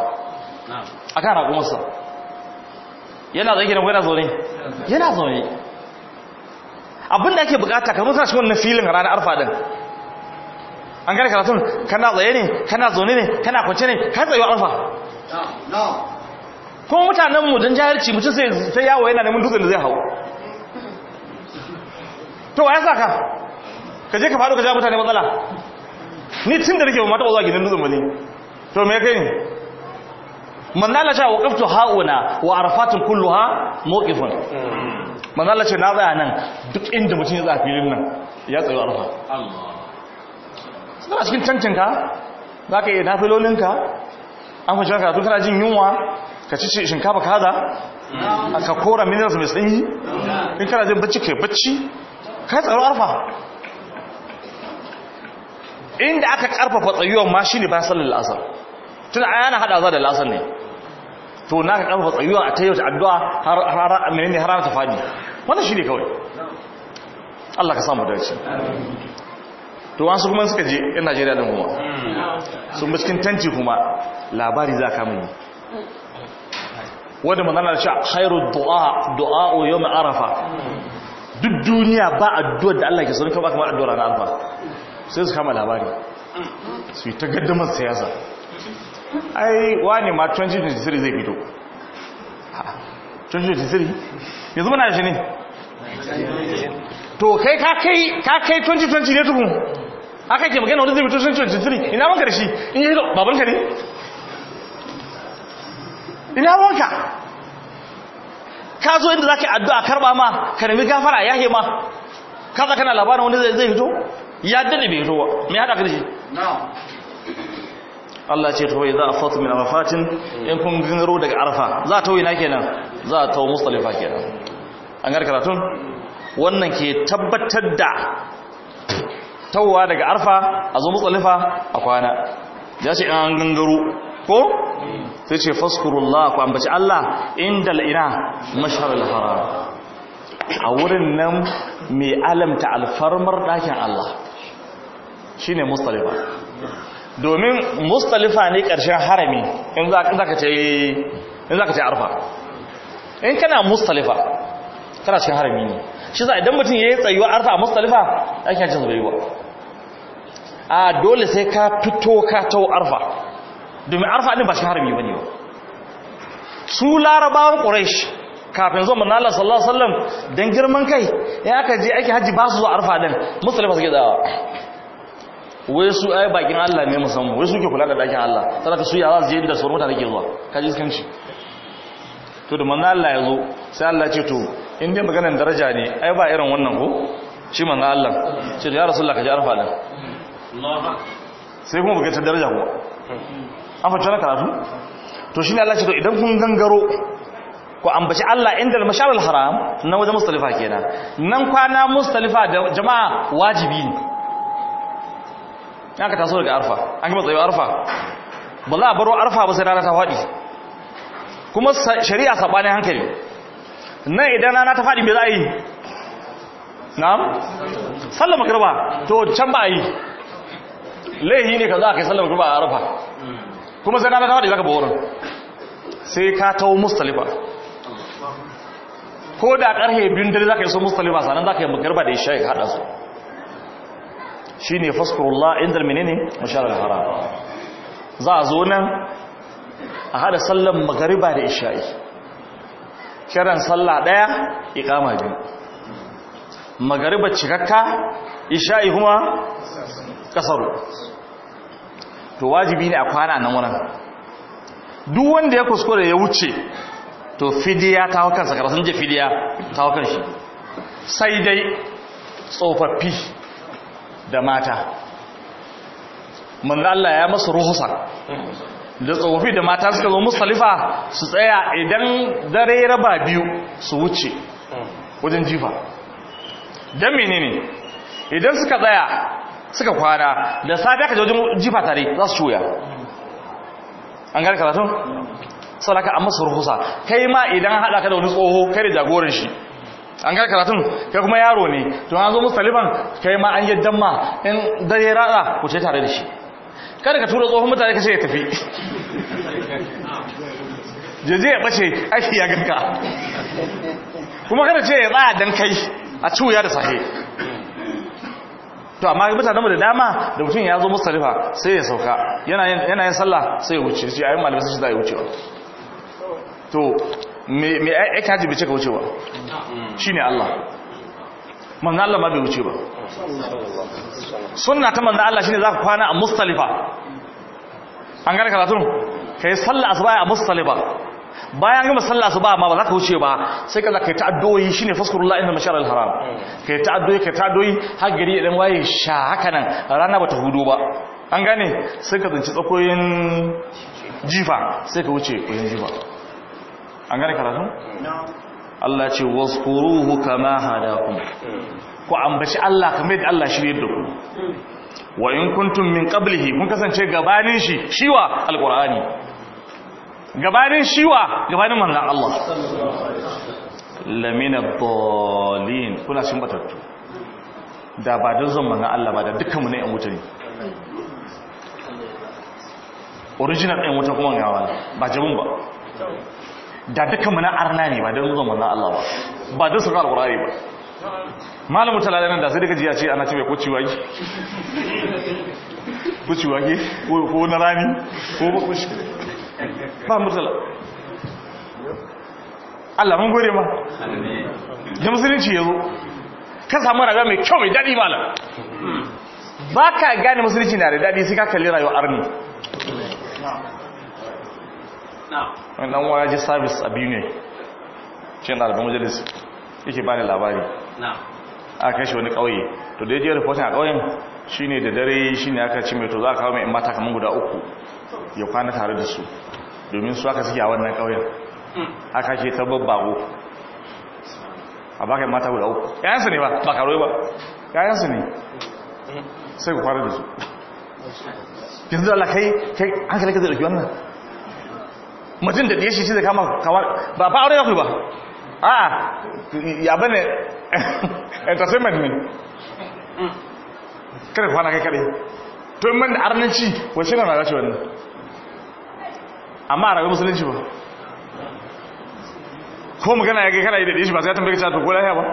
akan raƙumarsa yana zai gidan yana zaune yana zaune abinda ake bukata mutu suna shi wannan filin ranar arfa din an gani karatun kana tsaye ne kana zaune ne kana kwance ne ka tsaye arfa kuma mutanen mu don jahilci mutum sai yawo yana neman dutsen da zai hau to wa ya sa ka je ka faɗo ka ja mutane matsala ni tun da rike ba mata zuwa gidan dutsen ba to me kai manzala ce wa qaftu hauna wa arafatun kulluha mawqifun manzala ce na tsaya nan duk inda mutum ya tsaya filin nan ya tsayo arfa Allah suna cikin tantinka za ka iya nafilolinka an fashe karatu kana jin yunwa ka ci shinkafa kaza mm. ka kora minerals mai tsanyi mm. in kana jin bacci ka yi bacci ka yi tsaro arfa inda aka karfafa tsayuwar ma shi ne bayan sallar la'asar tun ayana hada za da la'asar ne to na ka karfafa tsayuwa a ta yau ta addu'a har menene har ta fadi wannan shine kawai Allah ka samu dace to wasu kuma suka je yan Najeriya din kuma sun bi tanti kuma labari za ka mun wanda manzon Allah ya ce khairu du'a du'a yawm arafa duk duniya ba addu'ar da Allah ke sanar ka ba kamar addu'ar ranar arfa sai su kama labari su yi ta gaddamar siyasa ai wani ma 2023 zai fito 2023 yanzu mana shi ne to kai ka kai 2020 ne tukun aka ke magana wanda zai fito 2023 ina wanka da shi in yi hito babanka ne ina wanka ka zo inda za ka yi addu'a karɓa ma ka nemi gafara ya ma ka kana labarin wanda zai fito ya dade bai zo me hada ka da shi Allah ce to bai za a fatu min arafatin in kun gangaro daga arfa, za ta wina kenan za a tawo mustalifa kenan an gar karatun wannan ke tabbatar da tawowa daga arfa a zo mustalifa a kwana ya ce an gangaro ko sai ce faskurullah ku ambaci Allah indal ina masharil haram a wurin nan mai alamta alfarmar ɗakin Allah Shi ne mustalifa domin mustalifa ne ƙarshen harami in za ka ce arfa in kana mustalifa kana cikin harami ne shi za idan mutum ya yi tsayuwa arfa a mustalifa ake yajin zubai wa a dole sai ka fito ka tau arfa domin arfa ne ba shi harami ba ne ba su larabawan ƙuraish kafin zuwa manala sallallahu alaihi wasallam don girman kai ya aka je ake hajji ba su zuwa arfa ɗin mustalifa suke tsayawa wai su ai bakin Allah ne musamman wai su ke kula da dakin Allah ka su ya za su je mutane ke zuwa kaji iskanci to da manzo Allah ya zo sai Allah ce to in dai maganar daraja ne ai ba irin wannan ko shi manzo Allah ce ya rasulullah kaji arfa din sai kuma buƙatar daraja ko an fa tsara karatu to shine Allah ce to idan kun gangaro ku ambaci Allah inda al-mashar al-haram nan wajen mustalifa kenan nan kwana mustalifa da jama'a wajibi ne ka taso daga arfa an gama tsayo arfa ba za a baro arfa ba sai rana ta faɗi kuma shari'a saɓanin hankali nan idan rana ta faɗi mai za a yi na'am sallar makarba to can ba a yi laihi ne ka za a kai sallar makarba a arfa kuma sai rana ta faɗi za ka bawarin sai ka tawo mustalifa ko da ƙarfe biyun dare za ka yi so mustalifa sanan za ka yi makarba da isha ya haɗa su ne faskurullah inda menene musharraf haram za a zo nan a hada sallan magariba da isha'i kiran sallah daya ikama biyu magariba cikakka isha'i kuma kasaru to wajibi ne a kwana nan wurin duk wanda ya kuskure ya wuce to fidiya ta hukansa karasun je fidiya ta hukansa shi sai dai tsofaffi da mata manzo Allah ya masu ruhusa da tsofaffi da mata suka zo musalifa su tsaya idan dare raba biyu su wuce wajen jifa don menene idan suka tsaya suka kwana da safiya ka wajen jifa tare za su cuya an gani karatun? salaka a masu ruhusa kai ma idan haɗa ka da wani tsoho kai da jagoran shi an ga karatun kai kuma yaro ne to an zo musaliman kai ma an yaddan ma in dare rada ku ce tare da shi kada ka tura tsohon mutane kace ya tafi jeje ya bace aiki ya ganka kuma kada ce ya tsaya dan kai a ciwuya da sahi to amma mutanenmu da dama da mutum ya zo musalifa sai ya sauka yana yin sallah sai ya wuce shi ayyuka malamai sai shi ya wuce to me ake kaji bai cika wucewa shi ne Allah manzan Allah ma bai wuce ba suna ta manzan Allah shi ne za ka kwana a mustalifa an gane karatun ka yi sallah asuba a mustalifa bayan gama sallah asuba ma ba za ka wuce ba sai ka za ka yi ta'addoyi shi ne faskurullah inda mashar al-haram ka yi ta'addoyi ka yi ta'addoyi har gari idan waye sha haka nan rana ba ta hudu ba an gane sai ka zanci tsakoyin jifa sai ka wuce koyin jifa an gane karatu Allah ce waskuruhu kama kuma ku ambaci Allah kamar yadda Allah shirye da ku wa in kuntum min qablihi kun kasance gabanin shi shiwa alqur'ani gabanin shiwa gabanin manzon Allah lamina bolin. kuna shin batattu da ba don zan manzon Allah ba da dukkan mu ne yan wuta ne original yan wuta kuma gawa ba jabun ba da duka muna arna ne ba don zuwa manzan Allah ba ba don suka alwurari ba malamu talala nan da sai daga jiya ce ana ce mai kuciwa ki kuciwa ki ko na rani ko ba Kushi. ba mutala Allah mun gore ma Da musulunci ya zo ka samu rayuwa mai kyau mai daɗi malam ba ka gane musulunci na da daɗi sai ka kalli rayuwa arni wani dan waya ji service a biyu ne cikin ɗaliban majalis yake ba da labari aka shi wani ƙauye to da ya je reporting a ƙauyen shi ne da dare shi ne aka ci mai to za a kawo mai mata kamar guda uku ya kwana tare da su domin su aka suke a wannan ƙauyen hmm. aka ke ta bago a baka mata guda uku yayansu ne ba ba karo ba yayansu ne hmm. sai ku kwana da su yanzu da Allah kai kai an kalaka zai ɗauki wannan mutum da ɗaya shi shi zai kama kawar ba fa aure ya ba a ya bane entertainment ne kada kwana kai kare to yi man arnanci wai shi na na dace wani amma a ragar musulunci ba ko gana ya kai kana yi da ɗaya shi ba sai ya tambaye ka to ko ya ba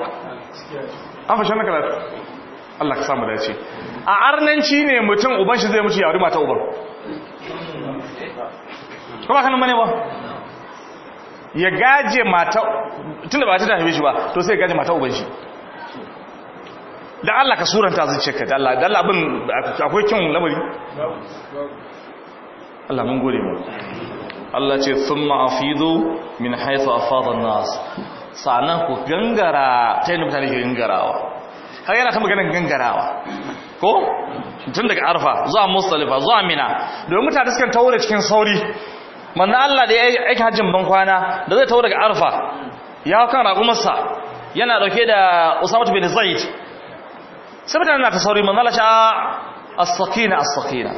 an fashe na kalar. Allah ka samu dace a arnanci ne mutum uban shi zai mutu ya mata uban ko ba kanin mane ba ya gaje mata tunda ba ta tafi shi ba to sai ya gaje mata uban shi da Allah ka suranta ka da Allah da Allah abin akwai kin lamari Allah mun gode mu Allah ce sun afidu min haythu afada an-nas sanan ku gangara ta yadda mutane ke gangarawa har yana kan maganar gangarawa ko tun daga arfa zuwa musdalifa zuwa mina domin mutane suka taure cikin sauri manzo Allah da ya aiki hajjin ban kwana da zai tawo daga Arfa ya kan ragumarsa yana dauke da Usama bin Zaid saboda na ta sauri manzo Allah sha as-sakina as-sakina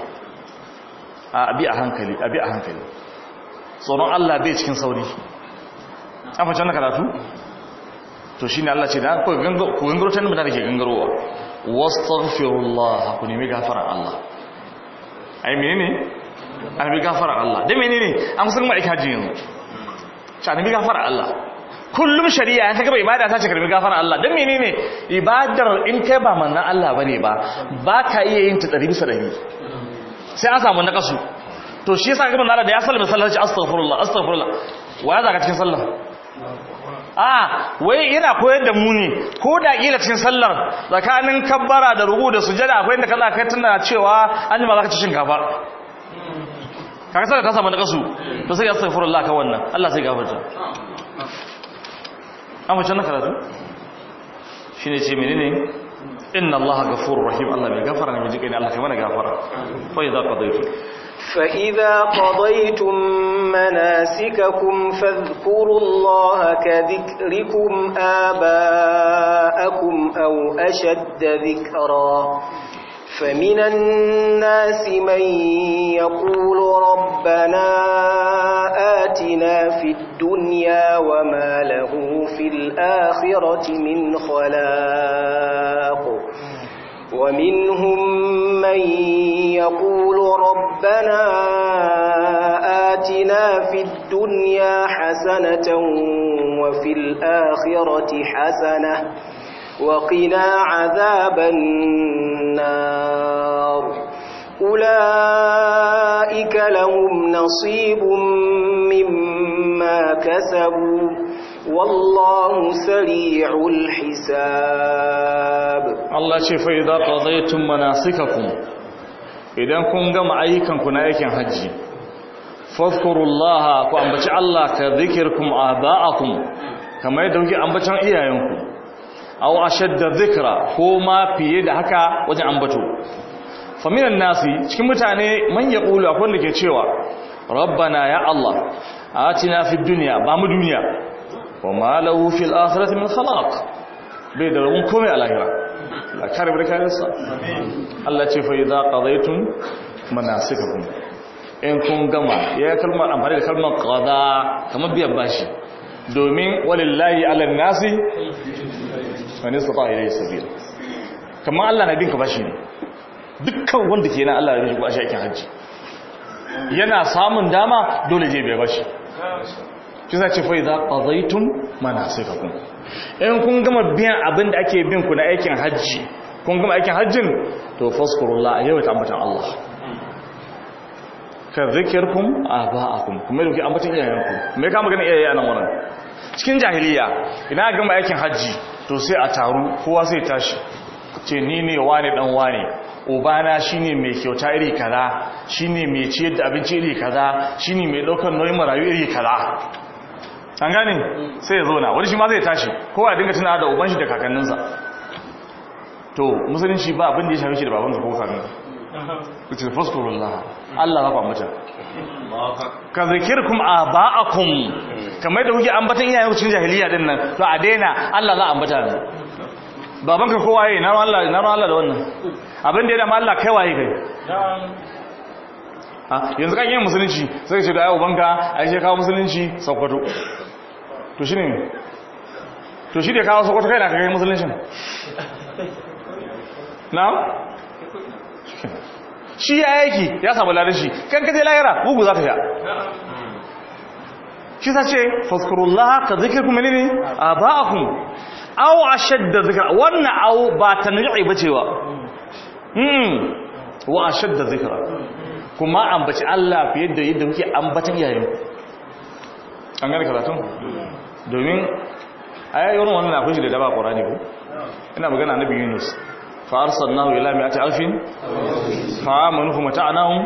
a bi a hankali a bi a hankali tsoron Allah bai cikin sauri an fashe wannan karatu to shine Allah ce da ku gangaro ku gangaro tana mutane ke gangarowa wastaghfirullah ku nemi gafaran Allah ai menene a nabi gafara Allah don menene an kusan ma'aika hajji yanzu a nabi gafara Allah kullum shari'a ya ta gaba ibada ta ce karbi gafara Allah don menene ibadar in kai ba manna Allah bane ba ba ka iya yin ta ɗari bisa dari sai an samu na kasu to shi yasa gaban Allah da ya sallama sallar astaghfirullah astaghfirullah wa ya ga cikin sallar a wai yana koyar da mu ne ko da kila cikin sallar tsakanin kabbara da rugu da sujada akwai inda kaza kai tunda cewa annabi ji zaka ci shinkafa kaga sai ka samu na kasu to sai astaghfirullah ka wannan Allah sai gafarta amma wace na karatu shine ce menene inna Allah ghafurur rahim Allah mai gafara ne mai jikai ne Allah kai mana gafara fa idza qadaytu فإذا قضيتم مناسككم فاذكروا ka dhikrikum aba'akum aw أشد dhikra فمن الناس من يقول ربنا آتنا في الدنيا وما له في الآخرة من خلاق ومنهم من يقول ربنا آتنا في الدنيا حسنة وفي الآخرة حسنة وقنا عذاب النار أولئك لهم نصيب مما كسبوا والله سريع الحساب الله شفا إذا قضيتم مناسككم idan kun gama ayyukanku na aikin hajji fadhkurullaha ku ambaci Allah ka dhikirkum aba'akum kamar yadda kuke ambacin iyayenku aw ashadda dhikra ko ma fiye da haka wajen ambato fa minan nasi cikin mutane man yaqulu akwai wanda ke cewa rabbana ya allah atina fid dunya ba mu duniya wa ma lahu fil akhirati min khalaq bai da rabon komai a lahira la kare da barkarsa allah ce fa idza qadaytum manasikakum in kun gama ya kalmar amfani da kalmar qada kamar biyan bashi domin walillahi ala nasi man istata ilayhi sabila kamar Allah na binka bashi ne dukkan wanda ke na Allah na binka bashi aikin hajji yana samun dama dole je bai bashi Kisa za ce fai za qadaytum manasikakum in kun gama biyan abin da ake bin ku na aikin hajji kun gama aikin hajjin to fasqurullah yau ta ambatan Allah ka zikirkum aba'akum kuma da kuke ambatan iyayenku me ka magana iyaye a nan wannan cikin jahiliya ina gama aikin hajji to sai a taru kowa sai tashi ce ni ne wane dan wani obana shine mai kyauta iri kaza shine mai ciyar da abinci iri kaza shine mai daukar nauyin marayu iri kaza an gane sai ya zauna wani shi ma zai tashi kowa dinga tana da uban shi da kakanninsa to musulunci ba abin da ya shafi shi da babansa ko kakanninsa ku ce Allah rafa mata ka zikirkum aba'akum kamar da kuke ambatan iyayen cikin jahiliya din nan to a daina Allah za a ambata ne baban ka kowa yayi na Allah na Allah da wannan abin da ya ma Allah kai waye kai yanzu kan yin musulunci sai ka ce da ayi ubanka ai sai kawo musulunci sakwato to shine to shi da kawo sakwato kai na kai musuluncin na'am shi ya aiki ya samu larin shi kan kaje layara bugu za ta sha shi ta ce faskurullaha ka zikirkum ne a ba'akum aw ashadda zikra wannan aw ba ta bace ba mm wa ashadda zikra kuma ambaci Allah fiye da yadda muke ambatan yayin an gani karatun domin ayoyin wannan na shi da daba Qur'ani ko ina magana Annabi Yunus fa arsalnahu ila mi'ati alfin fa amanu hum ta'anahum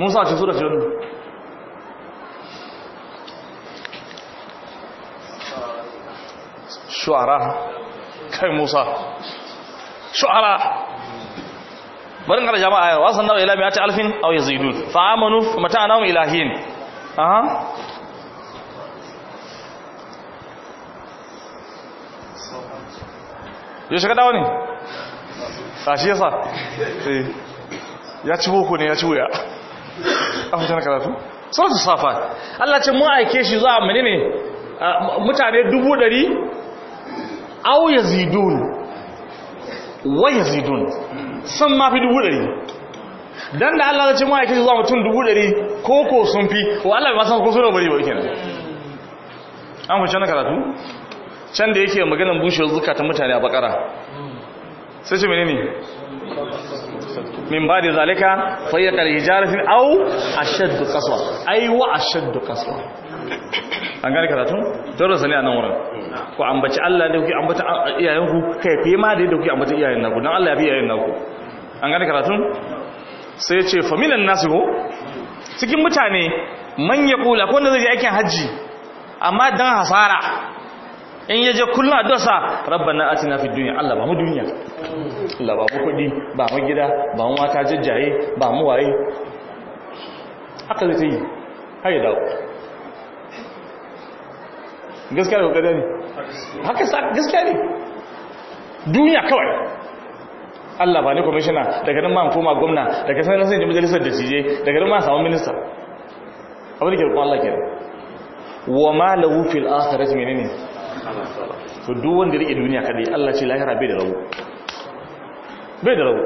Musa cikin suratul shu'ara kai Musa shu'ara bari ngara jama'a wa sanna ila mi'ati alfin ya shiga dawo ne a shi yasa eh, ya ci boko ne ya ci wuya a fitar karatu sauransu safa Allah ce mun aike shi zuwa mani ne mutane dubu dari au ya zidun wa ya zidun sun mafi dubu dari? don da Allah ce mun aike shi zuwa mutum dubu dari koko sun fi wa Allah bai masan kusurwa bari ba kenan an fice na karatu can da yake maganan bushewar ta mutane a bakara sai ce menene min ba da zalika fayyakar hijaratin au a shaddu kaswa aiwa a shaddu kaswa an gane karatun? dole sani a nan wurin ku ambaci Allah da kuke ambata iyayenku kai fiye ma da yadda kuke ambata iyayen naku don Allah ya fi iyayen naku an gane karatun? sai ce familin nasu ko cikin mutane manya kula ko wanda zai yi aikin hajji amma don hasara in yaje kullum addu'a rabbana atina fid dunya Allah ba mu dunya Allah ba mu kudi ba mu gida ba mu wata jajjaye ba mu waye haka zai yi haye dawo gaskiya da kokari ne haka gaskiya ne duniya kawai Allah ba ne kwamishina daga nan ma koma gwamna daga sanar sai da majalisar da cije daga nan ma samun minista abin da ke rukun Allah ke wa ma lahu fil akhirati ne? to duk wanda rike duniya kadai Allah ce lahira bai da rawu bai da rawu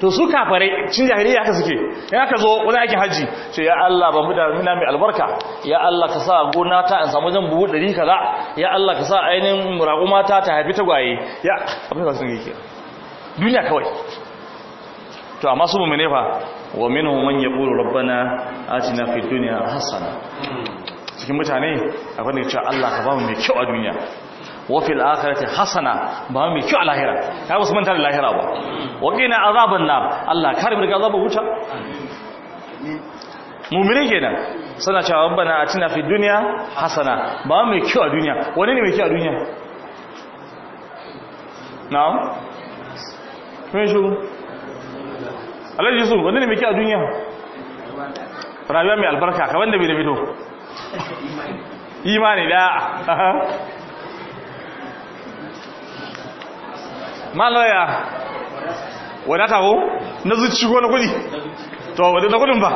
to su kafare cin jahiliya haka suke in aka zo wani aikin haji ce ya Allah ba da muna mai albarka ya Allah ka sa gona ta in samu jan buhu ɗari kaza ya Allah ka sa ainihin muraƙu mata ta haifi tagwaye ya abin da sun yi ke duniya kawai to amma su mummune fa wa minhum man yaqulu rabbana atina fid dunya hasana cikin mutane abin da ya ce Allah ka ba mu mai kyau a duniya wafi al'akarati hasana ba mai kyau a lahira ka ba wasu manta da lahira ba waƙina azaban na Allah kare mu daga azabar wuta mummune kenan suna cewa rabbana atina fi duniya hasana ba mai kyau a duniya wani ne mai kyau a duniya na'am me shi Allah su wani ne mai kyau a duniya rayuwa mai albarka ka wanda bai da fito imani da malaya wadata ho na zuci ko na kudi to wadda na kudin ba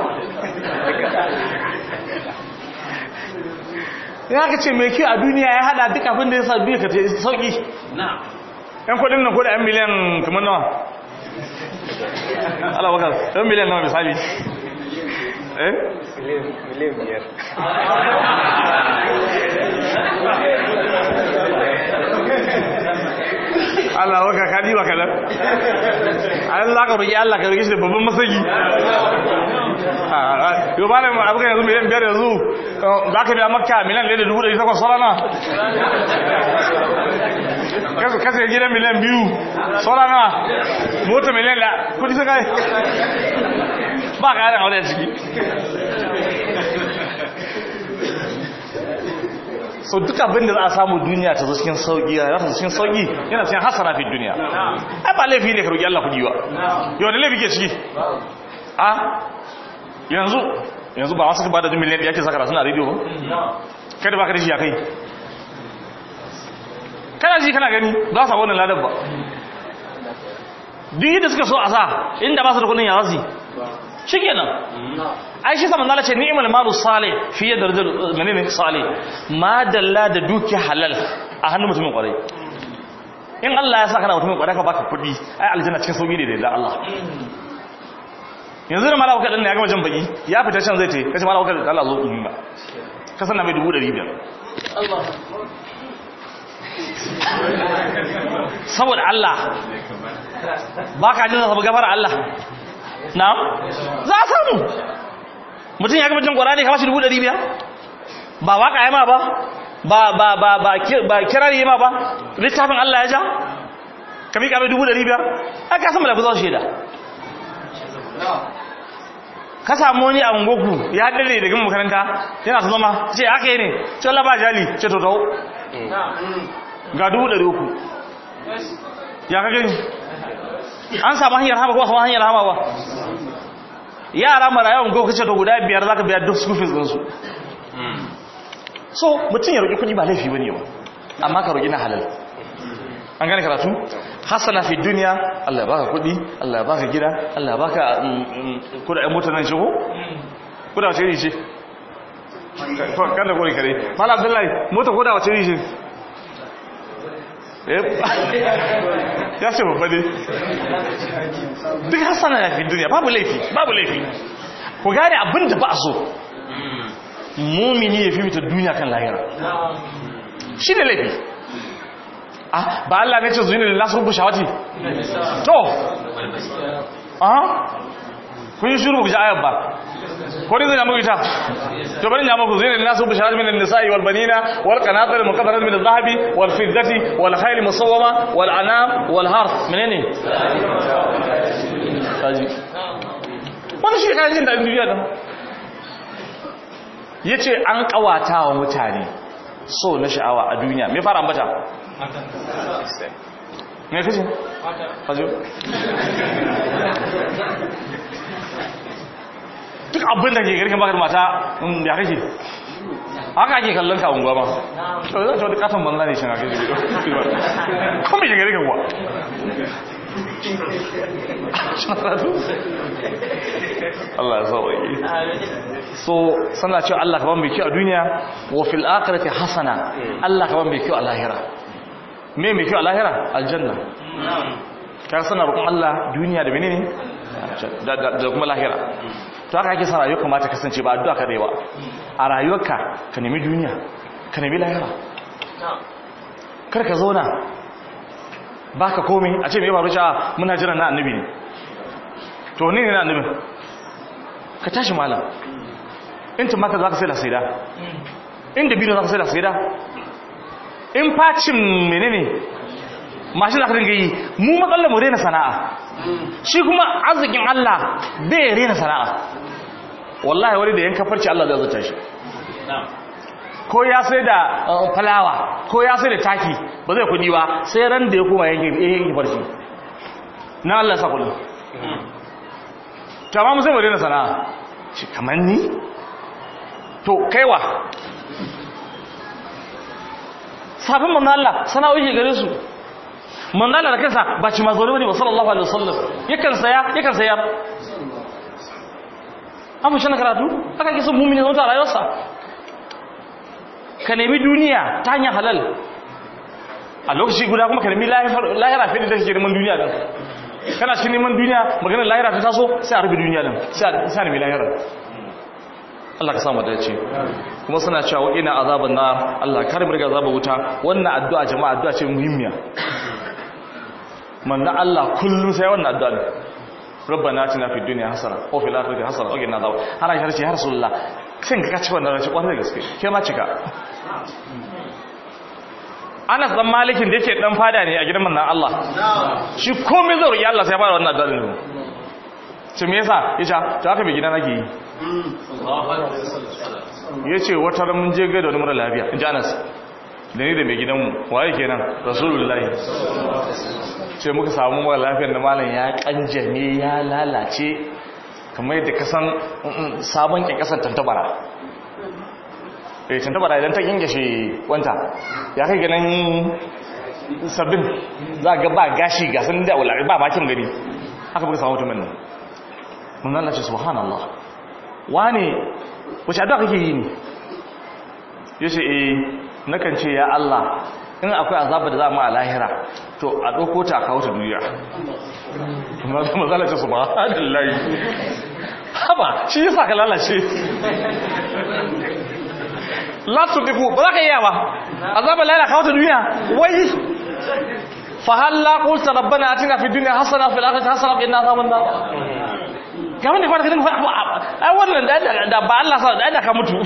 ya ka ce mai kyau a duniya ya hada duk abin da ya sa biya ka ce sauki yan kudin na kudin yan miliyan kamar nawa ala bakar yan miliyan nawa misali eh miliyan biyar kadi ba kadan Allah ka roki Allah ka roki shi babban masaki yau ba ne abokan yanzu miliyan biyar yanzu eh, za ka biya makka miliyan da dubu ɗari takwas sarana kasa ya gidan miliyan biyu sarana mota miliyan la kudi sun kai ba ƙarin aure ciki so duk abin da za a samu duniya ta zo cikin sauki ya rasa cikin sauki yana cikin hasara fi duniya ai ba laifi ne ka roki Allah kudi wa yau da laifi ke ciki a yanzu yanzu ba wasu ba da miliyan da yake saka rasu na rediyo ba kai da ka da shi ya kai kana ji kana gani ba sa wani ladan ba duk yadda suka so a sa inda ba su da kudin ya rasi nan? ai shi samanala ce ni'mal malu salih fi yadda da menene salih ma dalla da duki halal a hannun mutumin kwarai in Allah ya sa kana mutumin kwarai ka baka kudi ai aljanna cikin sauki ne da Allah yanzu da malaka kadan ne ya gama jan baki ya fita can zai te. ka ce malaka kadan Allah zo ba ka sanna mai dubu 500 Allah saboda Allah baka jin zafi gafara Allah na za a samu mutum ya gama jin ƙwararri kama shi dubu ɗari biyar ba waka yi ma ba ba ba ba ba yi ma ba littafin Allah ya ja ka miƙa mai dubu ɗari biyar aka san malafi zuwa shaida ka samu wani abin gogu ya dare daga makaranta yana su zama ce aka yi ne ce Allah ba jali ce to tau ga dubu ɗari uku ya ka gani an samu hanyar hama kuma samu hanyar hama ba yara marayawan goka ce to guda biyar ka biya duk school fees din su so mutum ya roƙi kuɗi ba laifi wani ba amma ka roƙi na halal an gani karatu hasana fi duniya Allah b'a baka kuɗi Allah b'a baka gida Allah ya baka kuɗaɗen motar nan shigo kuɗa wace rishi ce kan da kore kare mala abdullahi mota kuɗa wace rishi ce ya ce babba ne duk hasana ya fi duniya babu laifi babu laifi ku gane abin da ba a so mumini ya fi mita duniya kan lahira shi ne laifi ba Allah ne ce zuwa ne da lasu rubu shawati to kun yi shuru ku ji ayar ba ko dai zan yamu ita to bari yamu ku zai nasu bi shahadu min an-nisa'i wal banina wal qanatir muqaddarat min adh-dhahabi wal fiddati wal khayl musawwama wal anam wal harf menene kaji Wani shi kayan jin dadin duniya da yace an kawata mutane so na sha'awa a duniya me fara ambata me kace fata fajo duk abin da ke girkin bakar mata mm, ya kake haka ake kallon ka unguwa ba to zai wani katon banza ne shi na kake kuma ke garkin kuwa Allah ya yi so sana cewa Allah ka ban mai kyau a duniya wa fil akhirati hasana Allah ka ban mai kyau a lahira me mai kyau a lahira aljanna ka sana rukun Allah duniya da mini ne da kuma lahira to haka ake son rayuwarka ta kasance ba addu'a kadai ba a rayuwarka ka nemi duniya ka nemi lahira kar ka zauna ba ka komai a ce mai faru cewa ah, muna jiran na annabi ne to ne ne na annabi ka tashi malam in tumaka za ka sai da saida in dabino za ka sai da saida in facin menene mashin da ringa yi mu matsalar mu rena sana'a shi kuma arzikin Allah bai rena sana'a wallahi wani da yanka farce Allah zai zata shi ko ya sai da uh, falawa ko ya sai da taki ba zai kudi ba sai ran da ya koma yanki farce na Allah sa kudin hmm. tamamu sai mu daina sana'a shi kamar ni to kaiwa sabon manna Allah sana'o'i gare su manna Allah da kansa ba ci mazaunin ba sallallahu alaihi wasallam yakan saya yakan saya. an shi na karatu aka kisa son mumini zama ta rayuwarsa ka nemi duniya ta hanyar halal a lokaci guda kuma ka nemi lahira fiye da take neman duniya din kana cikin neman duniya maganin lahira ta taso sai a rufe duniya din sai a nemi lahira Allah ka samu da ce kuma suna cewa ina azaban na Allah kar mu riga zaba wuta wannan addu'a jama'a addu'a ce muhimmiya Manna Allah kullum sai wannan addu'a ne. rabbana atina fi duniya hasara ko fi akhirati hasana wa qina adhaban ana shi harshe har sulla sai ka ci wannan rashi kwarai da gaske ke ma cika Anas dan Malikin da yake dan fada ne a gidan manzon Allah shi komai zai roki Allah sai ya fara wannan dalilin ne ce me yasa yace to haka bai gida nake yi yace wata ran mun je ga da wani mara lafiya injanas da ni da mai gidanmu waye kenan rasulullahi sai muka samu mara lafiyar da malam ya kanjame ya lalace kamar yadda kasan mm, mm, sabon kyankasar tantabara eh, tantabara idan ta kingashe wanta ya kai ganin sabbin za ga ba gashi ga sun da wulari ba bakin gari haka muka samu mutumin nan mun lalace subhanallah wani wace addu'a kake yi ne yace eh nakan ce ya Allah in akwai azabar da za mu a lahira to a ɗauko ta kawo ta duniya mazalata su ba haɗin layi haba shi yasa ka lalace latu diku ba za ka iya ba azabar lahira kawo ta duniya wai fahalla qulta rabbana atina fi dunya hasana fil akhirati hasana qina adhaban nar ga wanda fara kidan ai wannan da ba Allah sa da ka mutu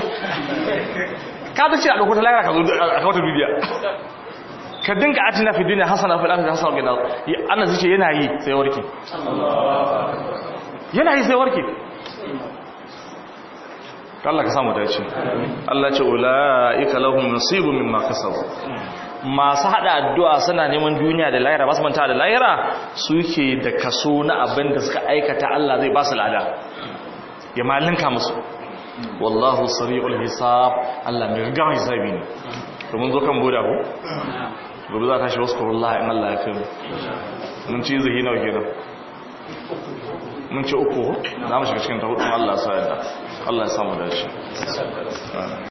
ka ta ce a lokacin lahira ka zo a kawo ta duniya ka dinga atina fi duniya hasana fi akhirati hasana gina ana zuce zai ce yana yi sai warke yana yi sai warke Allah ka samu dace Allah ce ulaika lahum nasibun mimma kasabu masu hada addu'a suna neman duniya da lahira ba su manta da lahira suke da kaso na abin da suka aikata Allah zai ba su lada ya malinka musu wallahu sari'ul hisab Allah mai gaggawa hisabi ne to mun zo kan boda ko gobe za a tashi wasu kurullah in Allah ya kai mun ci zuhi nau kenan mun ci uku za mu shiga cikin ta hudun Allah sa yadda Allah ya samu dace